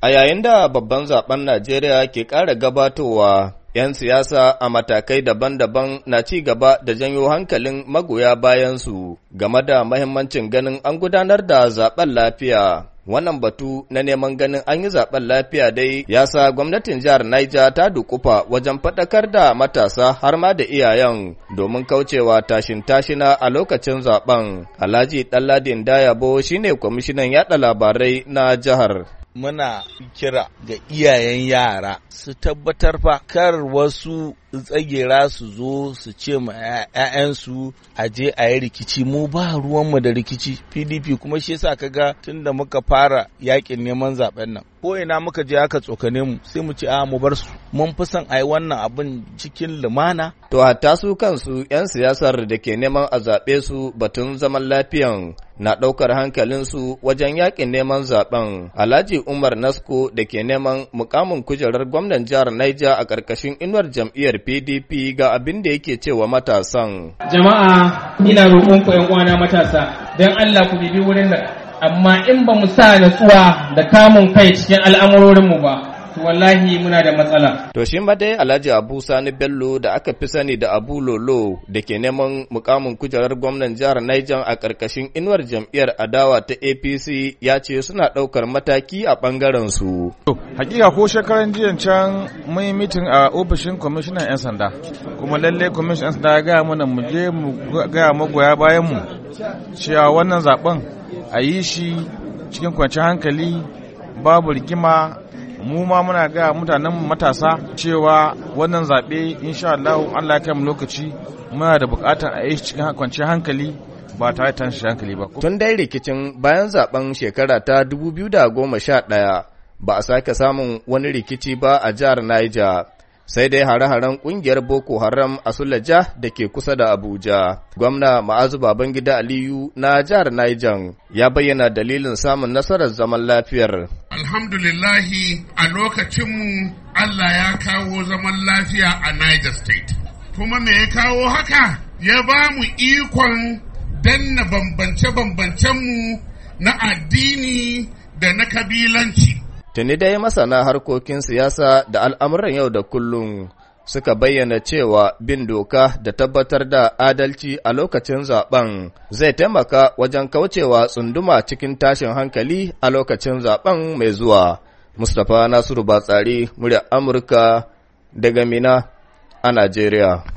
A yayin da babban zaben Najeriya ke ƙara gabatowa, ‘yan siyasa a matakai daban-daban na ci gaba da janyo hankalin magoya bayansu game da mahimmancin ganin an gudanar da zaben lafiya. Wannan batu na neman ganin an yi zaben lafiya dai ya sa gwamnatin jihar Niger ta dukufa wajen faɗakar da matasa har ma da iyayen domin kaucewa tashin-tashina a lokacin zaben. Alhaji Ɗanladin Dayabo shine kwamishinan yaɗa labarai na jihar. muna kira ga iyayen yara su tabbatar fa kar wasu tsagera su zo su ce ma 'ya'yansu a je a yi rikici mu ba ruwanmu da rikici pdp kuma shi yasa ka tun da muka fara yakin neman zaben nan ko ina muka je aka tsokane mu sai mu ce a mu bar su mun fi son a yi wannan abin cikin lumana to a tasu kansu 'yan siyasar da ke neman a zaɓe su batun zaman lafiyan na ɗaukar hankalinsu wajen yakin neman zaben alhaji umar nasko da ke neman mukamin kujerar gwamnan jihar niger a ƙarƙashin inuwar jam'iyyar jam'iyyar PDP ga abin da yake cewa matasan. Jama'a ina roƙon ku uwana matasa don Allah ku bibi wurin nan amma in ba mu sa natsuwa da kamun kai cikin al'amurorinmu ba to wallahi muna da matsala. To shi ma dai Alhaji Abu Sani Bello da aka fi sani da Abu Lolo da ke neman mukamin kujerar gwamnan jihar Niger a ƙarƙashin inuwar jam'iyyar adawa ta APC ya ce suna ɗaukar mataki a ɓangaren su. Hakika ko shekaran jiya can mun yi mitin a ofishin kwamishinan 'yan sanda kuma lalle kwamishinan 'yan sanda ya gaya mana mu je mu gaya magoya bayan mu cewa wannan zaben a yi shi cikin kwanciyar hankali babu rigima mu ma muna ga mutanen matasa cewa wannan zaɓe insha Allah Allah ya kai mu lokaci muna da buƙatar a yi cikin kwanciyar hankali ba tare da tashin hankali ba. Tun dai rikicin bayan zaben shekara ta da goma sha ɗaya ba a sake samun wani rikici ba a jihar Niger. Sai dai hare-haren ƙungiyar Boko Haram a Sulaja da ke kusa da Abuja. Gwamna Ma'azu Babangida Aliyu na jihar Niger ya bayyana dalilin samun nasarar zaman lafiyar. alhamdulillahi a lokacinmu Allah ya kawo zaman lafiya a Niger State. Kuma me ya kawo haka? Ya ba mu ikon danna bambance-bambancenmu na addini da na kabilanci. Tuni dai masana harkokin siyasa da al'amuran yau da kullum suka bayyana cewa bin doka da tabbatar da adalci a lokacin zaben zai taimaka wajen kaucewa tsunduma cikin tashin hankali a lokacin zaben mai zuwa. Mustapha Nasiru Batsari, murya Amurka daga Mina a Najeriya.